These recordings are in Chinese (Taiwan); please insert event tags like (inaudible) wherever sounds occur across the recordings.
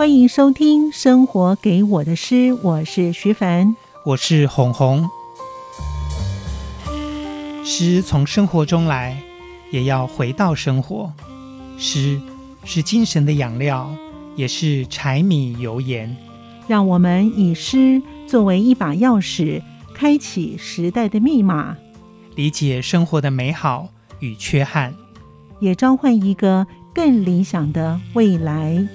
歡迎收聽《生活給我的詩》，我是徐凡，我是鴻鴻。詩從生活中來，也要回到生活。詩是精神的養料，也是柴米油鹽。讓我們以詩作為一把鑰匙，開啟時代的密碼，理解生活的美好與缺憾，也召喚一個更理想的未來。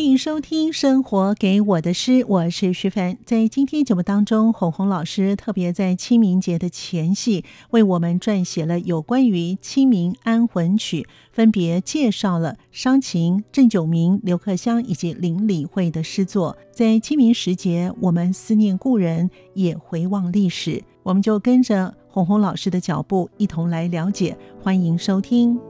歡迎收聽《生活給我的詩》，我是徐凡。在今天節目當中，鴻鴻老師特別在清明節的前夕，為我們撰寫了有關於清明安魂曲，分別介紹了商禽、鄭炯明、劉克襄以及林理惠的詩作。在清明時節，我們思念故人，也回望歷史。我們就跟着鴻鴻老師的腳步，一同來了解。歡迎收聽。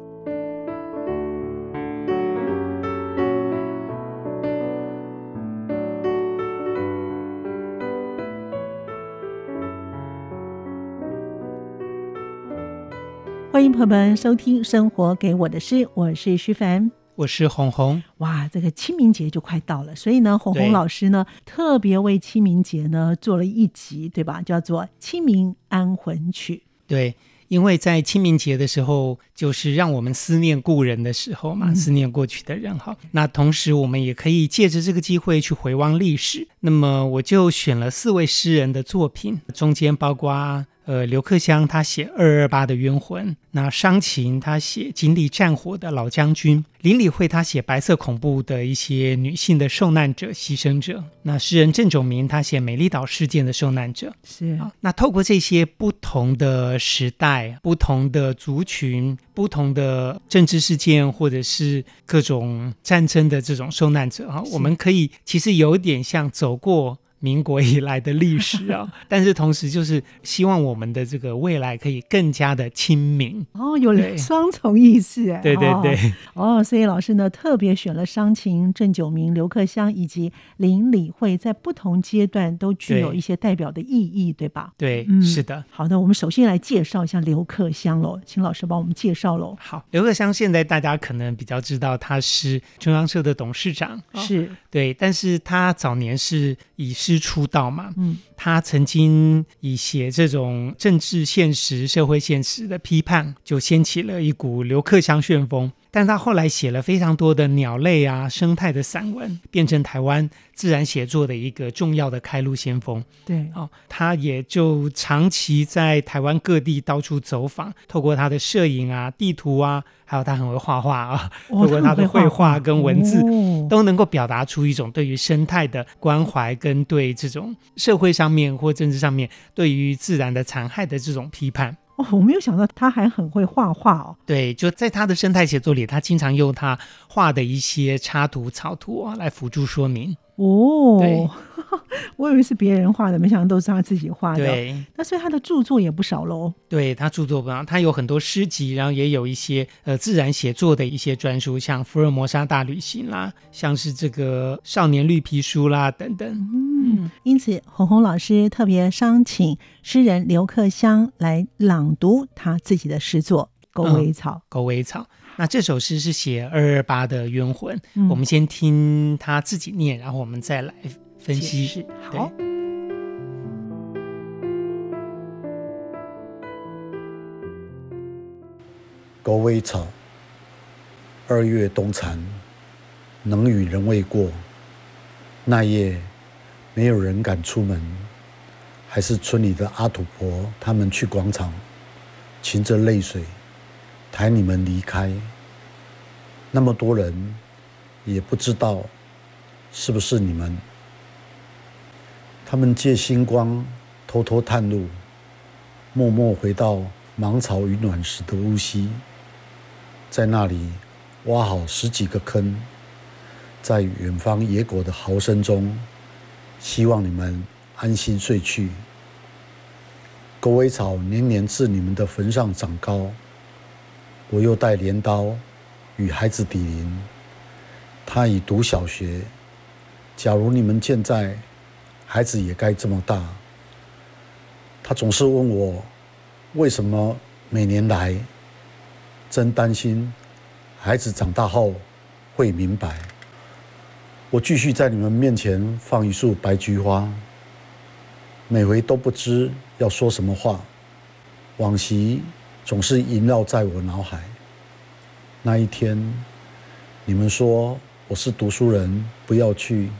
歡迎朋友們收聽《生活給我的詩》，我是徐凡，我是鴻鴻。哇，這個清明節就快到了，所以呢，鴻鴻老師呢對特別為清明節呢做了一集，對吧？叫做《清明安魂曲》。對，因為在清明節的時候，就是讓我們思念故人的時候嘛，嗯、思念過去的人。好，那同時我們也可以借着這個機會去回望歷史。那麼我就選了四位詩人的作品，中間包括。呃，劉克襄他寫二二八的冤魂，那商禽他寫經歷戰火的老將軍，林理惠，他寫白色恐怖的一些女性的受難者、犧牲者。那詩人鄭炯明他寫美麗島事件的受難者，是啊、哦。那透過這些不同的時代、不同的族群、不同的政治事件，或者是各種戰爭的這種受難者啊，哦、是我們可以其實有點像走過。民國以來的歷史啊、哦， (laughs) 但是同時就是希望我們的這個未來可以更加的清明哦，有了雙重意思，對對對，對，哦，所以老師呢特別選了商禽、鄭炯明、劉克襄以及林理惠，在不同階段都具有一些代表的意義，對，對吧？對，嗯、是的。好的，那我們首先來介紹一下劉克襄嘍，請老師幫我們介紹嘍。好，劉克襄現在大家可能比較知道他是中央社的董事長，是對，但是他早年是以是。出道嘛，嗯，他曾經以寫這種政治現實、社會現實的批判，就掀起了一股劉克襄旋風。但他後來寫了非常多的鳥類啊、生態的散文，變成台灣自然寫作的一個重要的開路先鋒。對，哦，他也就長期在台灣各地到處走訪，透過他的攝影啊、地圖啊，還有他很會畫畫啊，哦、畫畫透過他的繪畫跟文字，哦、都能夠表達出一種對於生態的關懷，跟對這種社會上面或政治上面對於自然的殘害的這種批判。我沒有想到他還很會畫畫哦。對，就在他的生態寫作裡，他經常用他畫的一些插圖、草圖啊，來輔助說明。哦，對 (laughs) 我以為是別人畫的，沒想到都是他自己畫的。對那所以他的著作也不少嘍。對，他著作不少，他有很多詩集，然後也有一些呃自然寫作的一些專書，像《福爾摩沙大旅行》啦，像是這個《少年綠皮書》啦等等。嗯，因此鴻鴻老師特別商請詩人劉克襄來朗讀他自己的詩作。狗尾草，狗尾、嗯、草。那這首詩是寫二二八的冤魂。嗯、我們先聽他自己念，然後我們再來分析。好釋。狗尾對草，二月冬殘，能與人未過。那夜沒有人敢出門，還是村裡的阿土婆他們去廣場，噙着淚水。抬你們離開，那麼多人也不知道是不是你們。他們借星光偷偷探路，默默回到芒草與卵石的烏溪，在那裡挖好十幾個坑，在遠方野果的嚎聲中，希望你們安心睡去。狗尾草年年自你們的墳上長高。我又帶鐮刀，與孩子比鄰。他已讀小學。假如你們健在，孩子也該這麼大。他總是問我，為什麼每年來？真擔心，孩子長大後會明白。我繼續在你們面前放一束白菊花。每回都不知要說什麼話。往昔。總是縈繞在我腦海。那一天，你們說我是讀書人，不要去。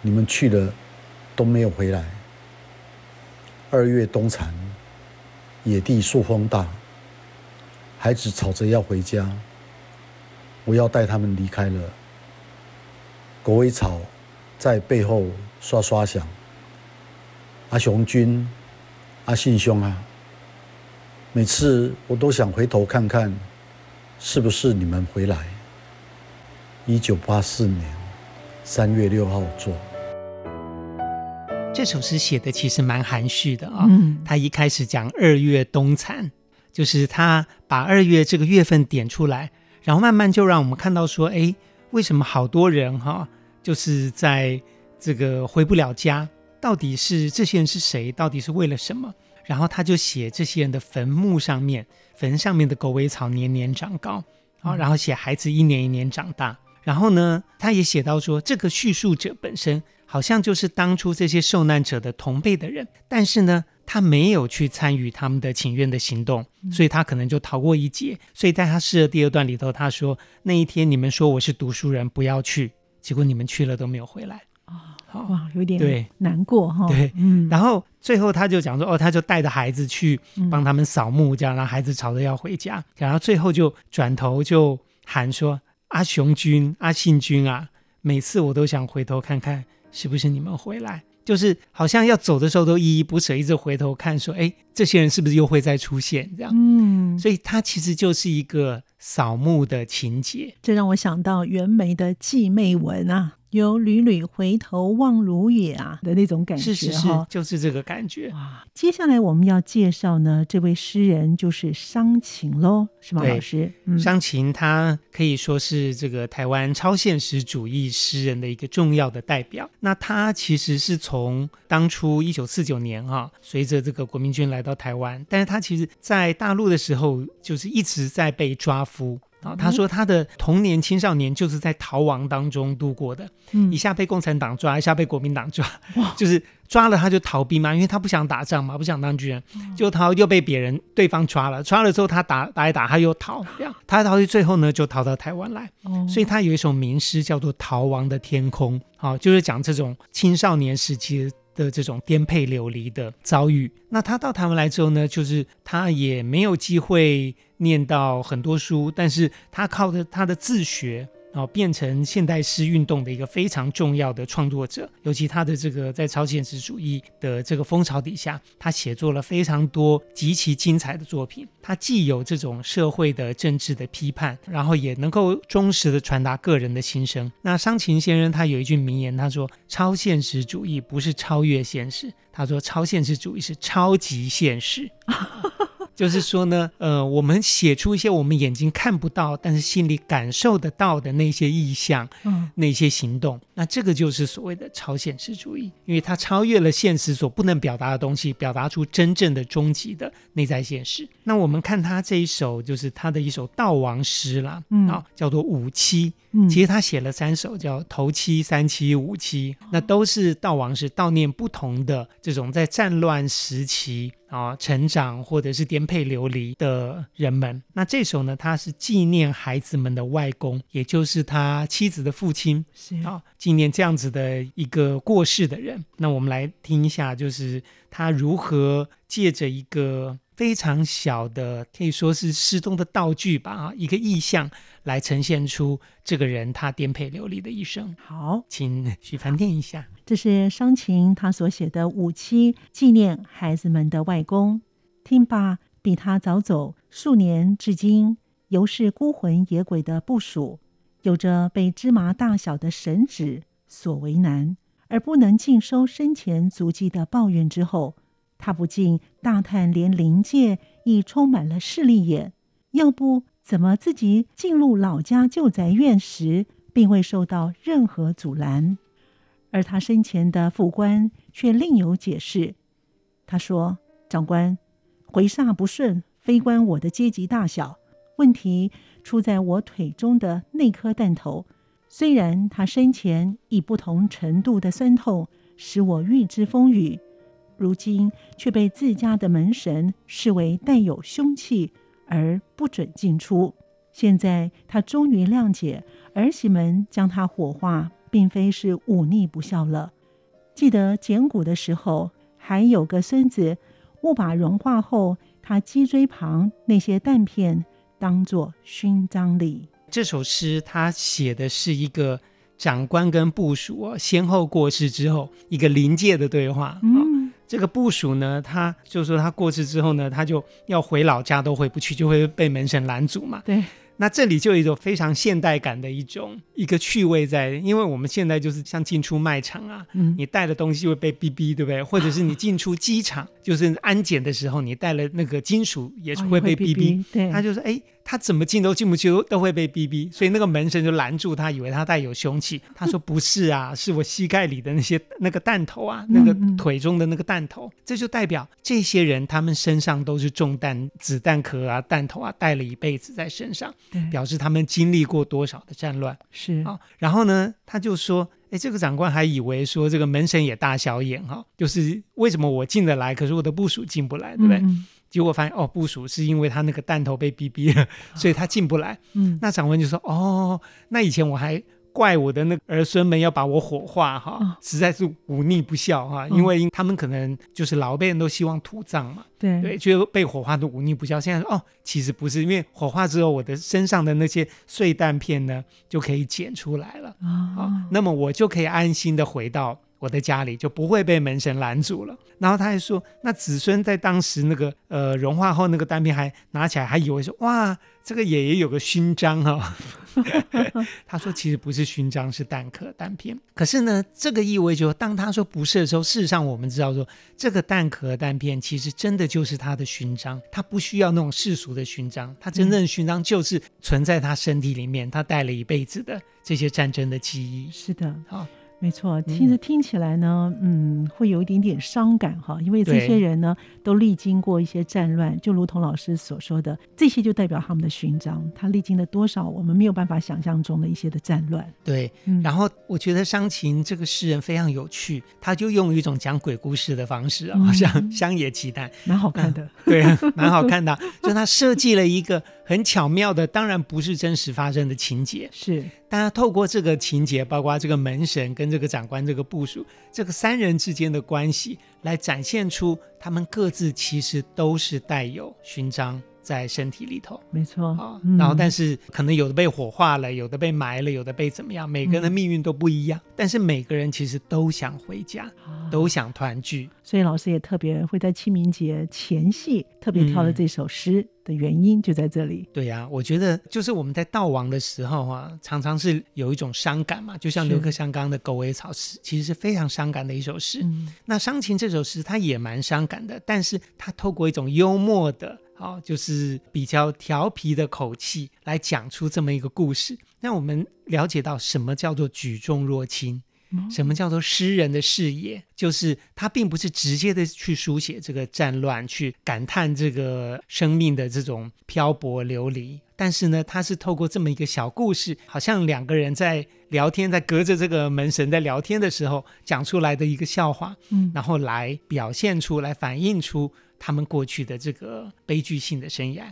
你們去了，都沒有回來。二月冬殘，野地朔風大，孩子吵着要回家，我要帶他們離開了。狗尾草在背後刷刷響。阿雄君，阿信兄啊。每次我都想回頭看看，是不是你們回來？一九八四年三月六號做。這首詩寫的其實蠻含蓄的啊、哦。嗯、他一開始講二月冬殘，就是他把二月這個月份點出來，然後慢慢就讓我們看到說，哎，為什麼好多人哈、哦，就是在這個回不了家？到底是這些人是誰？到底是為了什麼？然後他就寫這些人的墳墓上面，墳上面的狗尾草年年長高，啊、嗯，然後寫孩子一年一年長大。然後呢，他也寫到說，這個敘述者本身好像就是當初這些受難者的同輩的人，但是呢，他沒有去參與他們的請願的行動，嗯、所以他可能就逃過一劫。所以在他詩的第二段裡頭，他說那一天你們說我是讀書人，不要去，結果你們去了都沒有回來。哇，有點難過哈對、哦。對，嗯，然後最後他就講說，哦，他就帶着孩子去幫他們掃墓，這樣，讓、嗯、孩子吵着要回家，然後最後就轉頭就喊說：“阿、啊、雄君，阿、啊、信君啊，每次我都想回頭看看，是不是你們回來？就是好像要走的時候都依依不捨，一直回頭看，說，哎，這些人是不是又會再出現？這樣，嗯，所以他其實就是一個掃墓的情節。這讓我想到袁枚的《祭妹文》啊。有屢屢回頭望如野啊的那種感覺，是是是，就是這個感覺哇。接下來我們要介紹呢，這位詩人就是商禽嘍，是嗎，對老師？嗯、商禽他可以說是這個台灣超現實主義詩人的一個重要的代表。那他其實是從當初一九四九年哈、啊，隨着這個國民軍來到台灣，但是他其實在大陸的時候就是一直在被抓夫。啊、哦，他說他的童年、青少年就是在逃亡當中度過的，嗯、一下被共產黨抓，一下被國民黨抓，嗯、就是抓了他就逃避嘛，因為他不想打仗嘛，不想當軍人，就逃、嗯，又被別人對方抓了，抓了之後他打打一打他又逃，啊、他逃去最後呢就逃到台灣來，哦、所以他有一首名詩叫做《逃亡的天空》，啊、哦，就是講這種青少年時期的。的這種顛沛流離的遭遇，那他到台灣來之後呢，就是他也沒有機會念到很多書，但是他靠着他的自學。然後變成現代詩運動的一個非常重要的創作者，尤其他的這個在超現實主義的這個風潮底下，他寫作了非常多極其精彩的作品。他既有這種社會的政治的批判，然後也能夠忠實的傳達個人的心聲。那商禽先生他有一句名言，他說：“超現實主義不是超越現實”，他說：“超現實主義是超級現實。” (laughs) 就是說呢，啊、呃，我們寫出一些我們眼睛看不到，但是心裡感受得到的那些意象，嗯，那些行動，那這個就是所謂的超現實主義，因為它超越了現實所不能表達的東西，表達出真正的終極的內在現實。那我們看他這一首，就是他的一首悼亡詩啦，嗯，叫做《五七》。其實他寫了三首，叫《頭七》《三七》《五七》，那都是悼亡詩，悼念不同的這種在戰亂時期啊成長或者是顛沛流離的人們。那這首呢，他是紀念孩子們的外公，也就是他妻子的父親，是啊，紀念這樣子的一個過世的人。那我們來聽一下，就是他如何借着一個。非常小的，可以說是詩中的道具吧，一個意象，來呈現出這個人他顛沛流離的一生。好，請許潘唸一下，這是商禽他所寫的五七，紀念孩子們的外公。聽罷，比他早走數年，至今猶是孤魂野鬼的部署，有着被芝麻大小的神祇所為難，而不能盡收生前足跡的抱怨之後。他不禁大嘆連臨，連靈界亦充滿了勢利眼，要不怎麼自己進入老家舊宅院時，並未受到任何阻攔，而他生前的副官卻另有解釋。他說：“長官，回煞不順，非關我的階級大小，問題出在我腿中的那顆彈頭。雖然他生前以不同程度的酸痛，使我預知風雨。”如今卻被自家的門神視為帶有凶器而不准進出。現在他終於諒解兒媳們將他火化，並非是忤逆不孝了。記得撿骨的時候，還有個孫子誤把融化後他脊椎旁那些彈片當作勳章裡。這首詩他寫的是一個長官跟部屬啊先後過世之後一個臨界的對話啊。嗯這個部署呢，他就是說他過世之後呢，他就要回老家都回不去，就會被門神攔阻嘛。對，那這裡就有一種非常現代感的一種一個趣味在，因為我們現在就是像進出賣場啊，嗯、你帶的東西會被逼逼，對不對？或者是你進出機場， (laughs) 就是安檢的時候，你帶了那個金屬也會被逼逼，啊。對，他就說、是、哎。誒他怎麼進都進不去，都會被逼逼。所以那個門神就攔住他，以為他帶有凶器。他說：“不是啊，是我膝蓋裡的那些那個彈頭啊，嗯嗯那個腿中的那個彈頭，這就代表這些人他們身上都是中彈子彈殼啊、彈頭啊，帶了一輩子在身上，對表示他們經歷過多少的戰亂，是啊。然後呢，他就說：誒、哎，這個長官還以為說這個門神也大小眼哈、啊，就是為什麼我進得來，可是我的部署進不來，對不對？”嗯嗯結果發現哦，部署是因為他那個彈頭被逼逼了，啊、所以他進不來。嗯，那長官就說：“哦，那以前我還怪我的那個兒孫們要把我火化哈，實在是忤逆不孝哈，哦、因，為因為他們可能就是老輩人都希望土葬嘛。嗯、對就被火化都忤逆不孝。現在說哦，其實不是，因為火化之後，我的身上的那些碎彈片呢就可以撿出來了啊、哦哦，那麼我就可以安心的回到。”我的家裡就不會被門神攔住了。然後他還說，那子孫在當時那個呃融化後那個彈片還拿起來，還以為說哇，這個爺爺有個勳章哈、哦。 (laughs) 他說其實不是勳章，是彈殼彈片。可是呢，這個意味就是、當他說不是的時候，事實上我們知道說這個彈殼彈片其實真的就是他的勳章，他不需要那種世俗的勳章，他真正的勳章就是存在他身體裡面，他帶了一輩子的這些戰爭的記憶。是的，好、哦沒錯，其實聽起來呢，嗯，嗯，會有一點點傷感哈，因為這些人呢對都歷經過一些戰亂，就如同老師所說的，這些就代表他們的勳章，他歷經了多少，我們沒有辦法想象中的一些的戰亂。對，嗯、然後我覺得商禽這個詩人非常有趣，他就用一種講鬼故事的方式，好像《鄉野奇談》，蠻好看的、嗯，對，蠻好看的， (laughs) 就他設計了一個。很巧妙的，當然不是真實發生的情節，是，但是透過這個情節，包括這個門神跟這個長官這個部屬，這個三人之間的關係，來展現出他們各自其實都是帶有勳章。在身體裡頭，沒錯、哦、然後，但是可能有的被火化了，嗯、有的被埋了，有的被怎麼樣？每個人的命運都不一樣。嗯、但是每個人其實都想回家，啊、都想團聚。所以老師也特別會在清明節前夕特別挑了這首詩的原因就在這裡。嗯、對呀、啊，我覺得就是我們在悼亡的時候啊，常常是有一種傷感嘛。就像劉克襄剛的《狗尾草》詩，是其實是非常傷感的一首詩。嗯、那商禽這首詩它也蠻傷感的，但是它透過一種幽默的。啊、哦，就是比較調皮的口氣來講出這麼一個故事，那我們了解到什麼叫做舉重若輕，嗯、什麼叫做詩人的視野，就是他並不是直接的去書寫這個戰亂，去感嘆這個生命的這種漂泊流離，但是呢，他是透過這麼一個小故事，好像兩個人在聊天，在隔着這個門神在聊天的時候講出來的一個笑話，嗯，然後來表現出來，反映出。他們過去的這個悲劇性的生涯。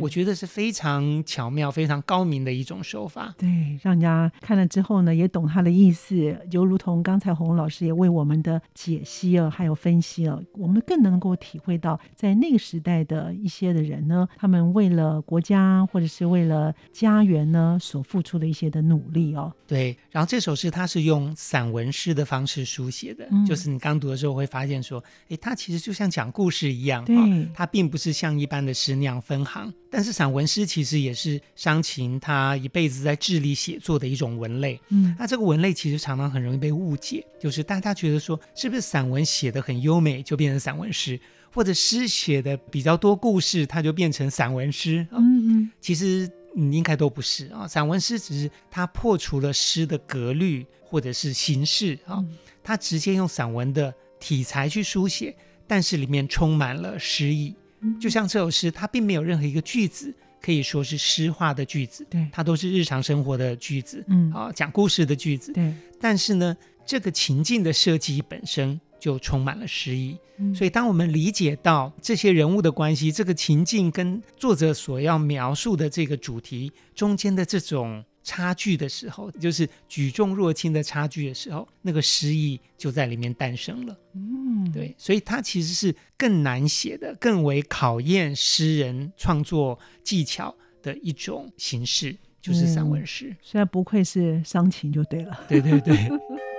我覺得是非常巧妙，非常高明的一種手法，對，讓人家看了之後呢，也懂他的意思。就如同剛才鴻鴻老師也為我們的解析啊，還有分析啊，我們更能夠體會到，在那個時代的一些的人呢，他們為了國家或者是為了家園呢，所付出的一些的努力哦。對，然後這首詩它是用散文詩的方式書寫的，嗯、就是你剛讀的時候會發現說，哎，它其實就像講故事一樣對。它、哦、並不是像一般的詩那樣分行。但是散文詩其實也是商禽他一輩子在致力寫作的一種文類，嗯，那這個文類其實常常很容易被誤解，就是大家覺得說，是不是散文寫的很優美就變成散文詩，或者詩寫的比較多故事它就變成散文詩。嗯、嗯，其實應該都不是啊，散文詩只是它破除了詩的格律或者是形式啊，它、嗯、直接用散文的題材去書寫，但是裡面充滿了詩意。就像這首詩，它並沒有任何一個句子可以說是詩化的句子，對，它都是日常生活的句子，嗯，啊，呃，講故事的句子，對。但是呢，這個情境的設計本身就充滿了詩意，嗯，所以當我們理解到這些人物的關係，這個情境跟作者所要描述的這個主題，中間的這種，差距的時候，就是舉重若輕的差距的時候，那個詩意就在裡面誕生了。嗯，對，所以它其實是更難寫的，更為考驗詩人創作技巧的一種形式，就是散文詩、嗯。雖然不愧是商禽，就對了。對對對。 (laughs)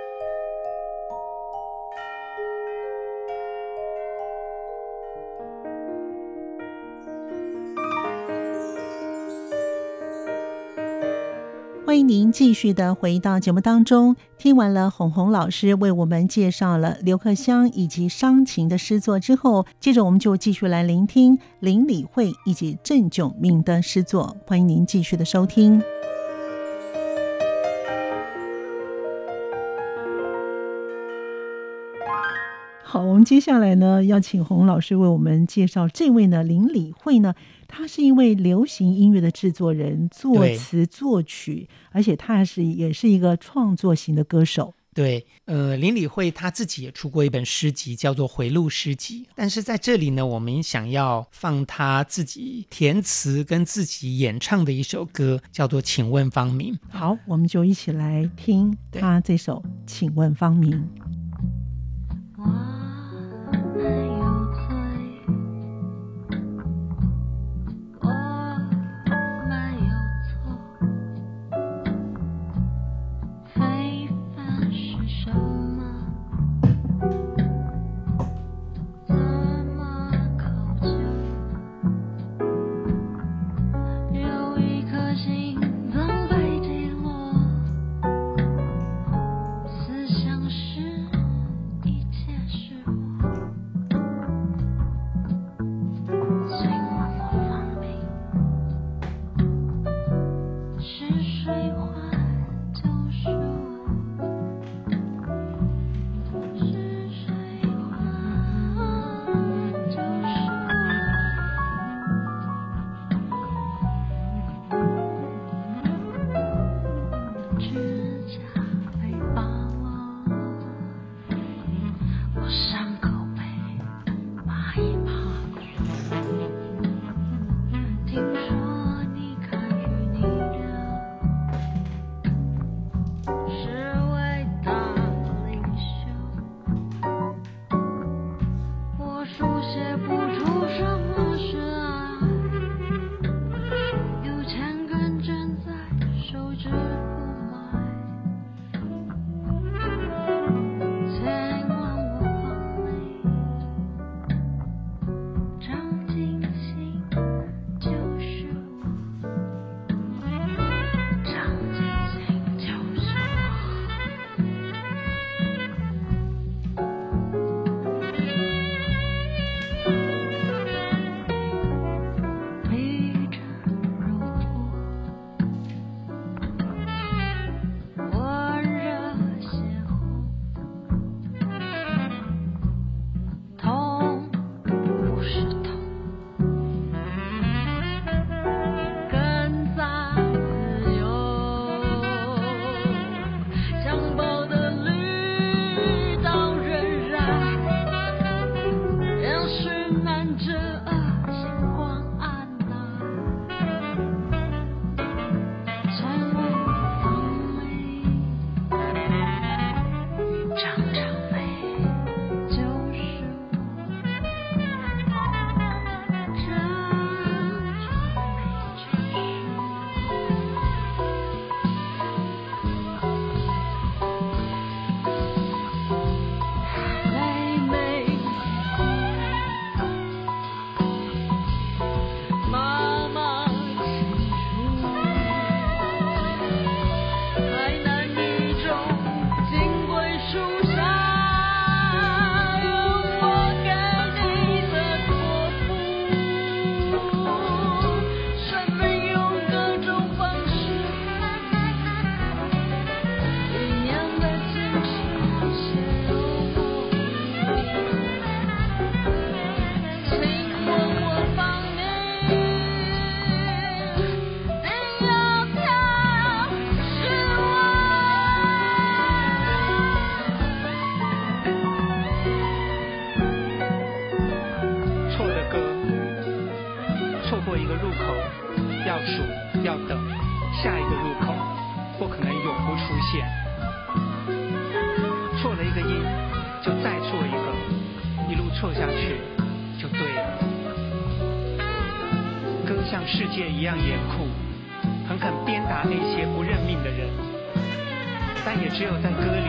歡迎您繼續的回到節目當中。聽完了鴻鴻老師為我們介紹了劉克襄以及商禽的詩作之後，接着我們就繼續來聆聽林理惠以及鄭炯明的詩作。歡迎您繼續的收聽。好，我們接下來呢，要請洪老師為我們介紹這位呢，林李慧呢，他是一位流行音樂的製作人、作詞作曲，對而且他是也是一個創作型的歌手。對，呃，林李慧他自己也出過一本詩集，叫做《迴路詩集》。但是在這裡呢，我們想要放他自己填詞跟自己演唱的一首歌，叫做《請問方明》。好，我們就一起來聽他這首《請問方明》。對嗯但也只有在歌裡，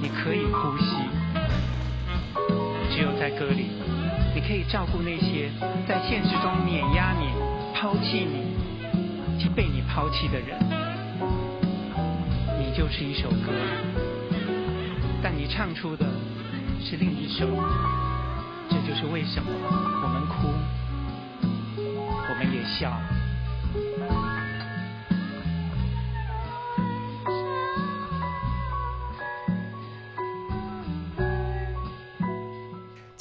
你可以呼吸；只有在歌裡，你可以照顧那些在現實中碾壓你、拋棄你及被你拋棄的人。你就是一首歌，但你唱出的是另一首。這就是為什麼我們哭，我們也笑。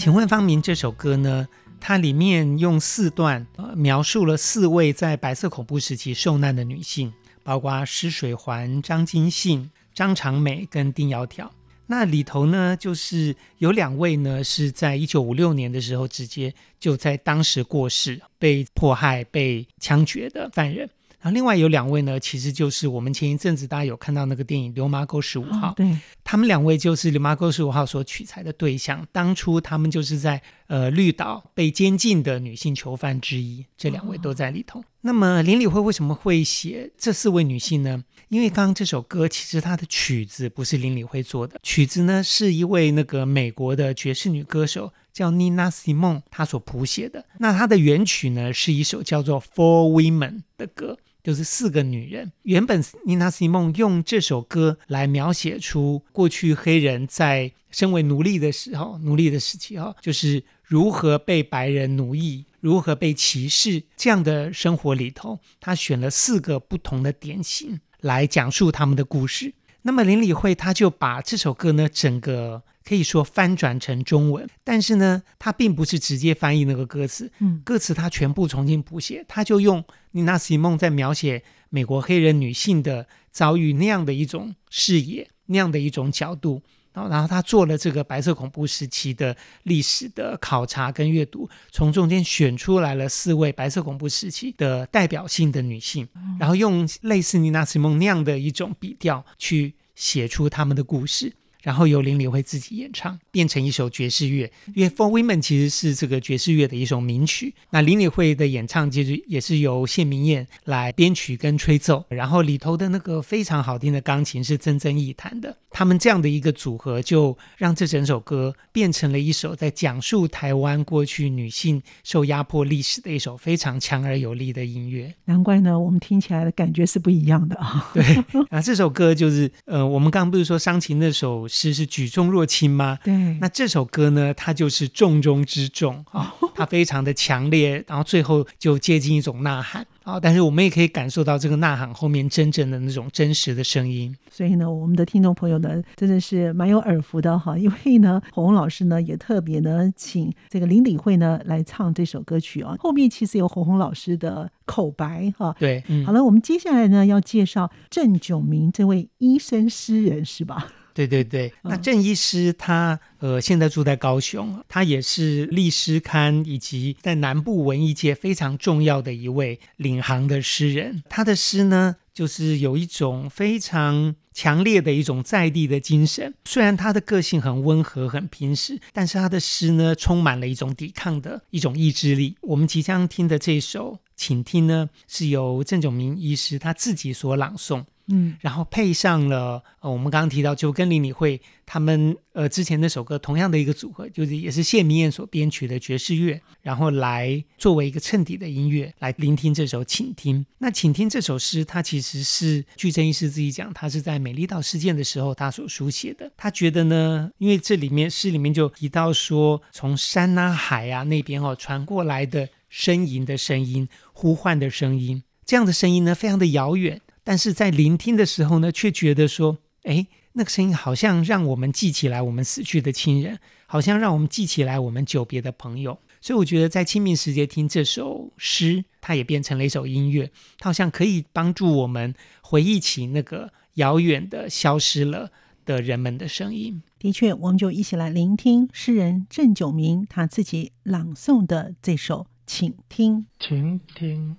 請問芳名這首歌呢，它裡面用四段，呃、描述了四位在白色恐怖時期受難的女性，包括施水環、張金信、張長美跟丁窈窕。那裡頭呢，就是有兩位呢是在一九五六年的時候，直接就在當時過世、被迫害、被槍決的犯人。然後另外有兩位呢，其實就是我們前一陣子大家有看到那個電影《流麻溝十五號》，嗯、對，他們兩位就是《流麻溝十五號》所取材的對象。當初他們就是在呃綠島被監禁的女性囚犯之一，這兩位都在裡頭。哦、那麼林理惠為什麼會寫這四位女性呢？因為剛剛這首歌其實它的曲子不是林理惠做的，曲子呢是一位那個美國的爵士女歌手叫 Nina Simone，她所譜寫的。那她的原曲呢是一首叫做《Four Women》的歌。就是四個女人。原本，Nina Simone 用這首歌來描寫出過去黑人在身為奴隸的時候，奴隸的時期哦，就是如何被白人奴役，如何被歧視，這樣的生活裡頭，他選了四個不同的典型來講述他們的故事。那麼林理惠他就把這首歌呢，整個可以說翻轉成中文，但是呢，他並不是直接翻譯那個歌詞，歌詞他全部重新譜寫，他就用妮娜・西蒙在描寫美國黑人女性的遭遇那樣的一種視野，那樣的一種角度。然後，然後他做了這個白色恐怖時期的歷史的考察跟閱讀，從中間選出來了四位白色恐怖時期的代表性的女性，嗯、然後用類似妮娜·西蒙那樣的一種筆調去寫出他們的故事。然後由林理惠自己演唱，變成一首爵士樂。因為《Four Women》其實是這個爵士樂的一首名曲。那林理惠的演唱，其實也是由謝明諺來編曲跟吹奏。然後裡頭的那個非常好聽的鋼琴是曾曾義彈的。他們這樣的一個組合，就讓這整首歌變成了一首在講述台灣過去女性受壓迫歷史的一首非常強而有力的音樂。難怪呢，我們聽起來的感覺是不一樣的啊。 (laughs) 對，那、啊、這首歌就是呃，我們剛剛不是說商禽那首？是是舉重若輕嗎？對，那這首歌呢，它就是重中之重啊、哦，它非常的強烈， (laughs) 然後最後就接近一種吶喊啊、哦。但是我們也可以感受到這個吶喊後面真正的那種真實的聲音。所以呢，我們的聽眾朋友呢，真的是蠻有耳福的哈，因為呢，鴻鴻老師呢也特別呢請這個林理惠呢來唱這首歌曲啊、哦。後面其實有鴻鴻老師的口白哈。哦、對，嗯、好了，我們接下來呢要介紹鄭炯明這位醫生詩人是吧？對對對，嗯、那鄭醫師他呃，現在住在高雄，他也是歷史刊以及在南部文藝界非常重要的一位領航的詩人。他的詩呢，就是有一種非常強烈的一種在地的精神。雖然他的個性很溫和，很平實，但是他的詩呢，充滿了一種抵抗的一種意志力。我們即將聽的這首傾聽呢，是由鄭炯明醫師他自己所朗誦。嗯，然後配上了呃，我們剛剛提到，就跟林理惠他們呃之前那首歌同樣的一個組合，就是也是謝明諺所編曲的爵士樂，然後來作為一個襯底的音樂來聆聽這首《傾聽》。那《傾聽》這首詩，它其實是據鄭醫師自己講，他是在美麗島事件的時候他所書寫的。他覺得呢，因為這裡面詩裡面就提到說，從山啊海啊那邊哦傳過來的呻吟的聲音，呼喚的聲音，這樣的聲音呢，非常的遙遠。但是在聆聽的時候呢，卻覺得說，哎，那個聲音好像讓我們記起來我們死去的親人，好像讓我們記起來我們久別的朋友。所以我覺得，在清明時節聽這首詩，它也變成了一首音樂，它好像可以幫助我們回憶起那個遙遠的消失了的人們的聲音。的確，我們就一起來聆聽詩人鄭炯明他自己朗誦的這首《傾聽，傾聽》。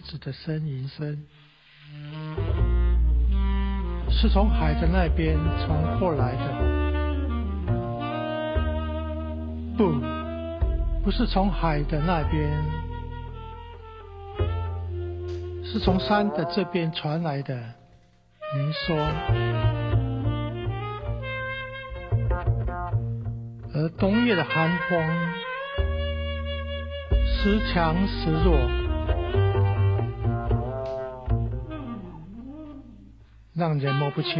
子的呻吟聲，聲是從海的那邊傳過來的，不，不是從海的那邊，是從山的這邊傳來的。您說，而冬夜的寒風時強時弱。讓人摸不清，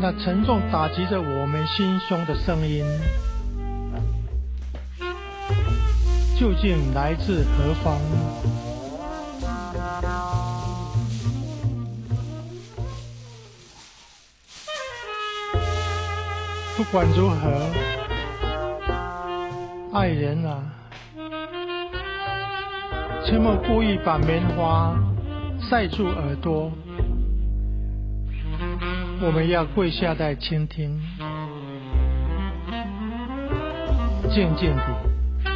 那沉重打擊着我們心胸的聲音，究竟來自何方？不管如何，愛人啊！切莫故意把棉花塞住耳朵，我們要跪下來傾聽。漸漸地，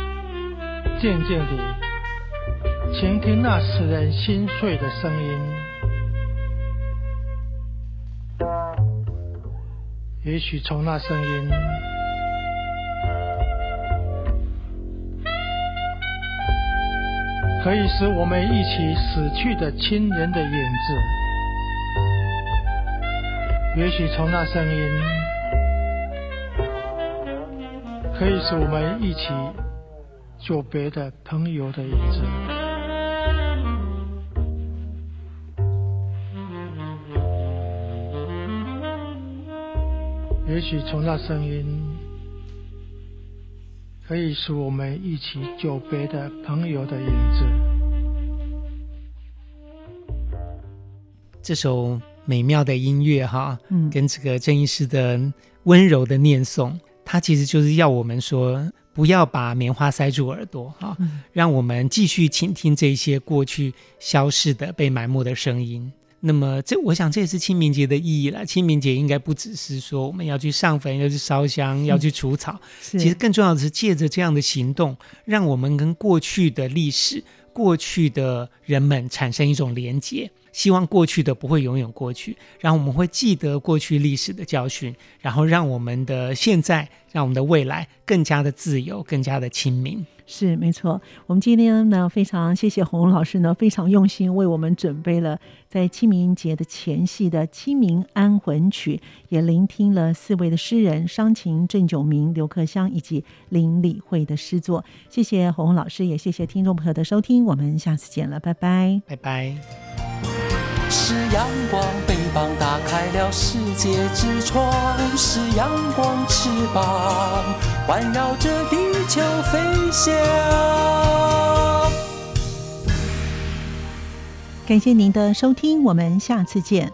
漸漸地，傾聽那使人心碎的聲音。也許從那聲音。可以使我們一起死去的親人的影子，也許從那聲音，可以使我們一起久別的朋友的影子，也許從那聲音。可以是我們一起久別的朋友的影子。這首美妙的音樂哈、啊，嗯，跟這個鄭醫師的溫柔的念誦，它其實就是要我們說，不要把棉花塞住耳朵哈、啊，嗯，讓我們繼續傾聽這些過去消逝的、被埋沒的聲音。那麼這，這我想這也是清明節的意義了。清明節應該不只是說我們要去上墳、要去燒香、是要去除草，是其實更重要的是借着這樣的行動，讓我們跟過去的歷史、過去的人們產生一種連接。希望過去的不會永遠過去，然後我們會記得過去歷史的教訓，然後讓我們的現在、讓我們的未來更加的自由、更加的清明。是沒錯，我們今天呢，非常謝謝鴻鴻老師呢，非常用心為我們準備了在清明節的前夕的清明安魂曲，也聆聽了四位的詩人商禽、鄭炯明、劉克襄以及林理惠的詩作。謝謝鴻鴻老師，也謝謝聽眾朋友的收聽，我們下次見了，拜拜，拜拜。是陽光，翅膀打開了世界之窗；是陽光，翅膀環繞着地球飛翔。感謝您的收聽，我們下次見。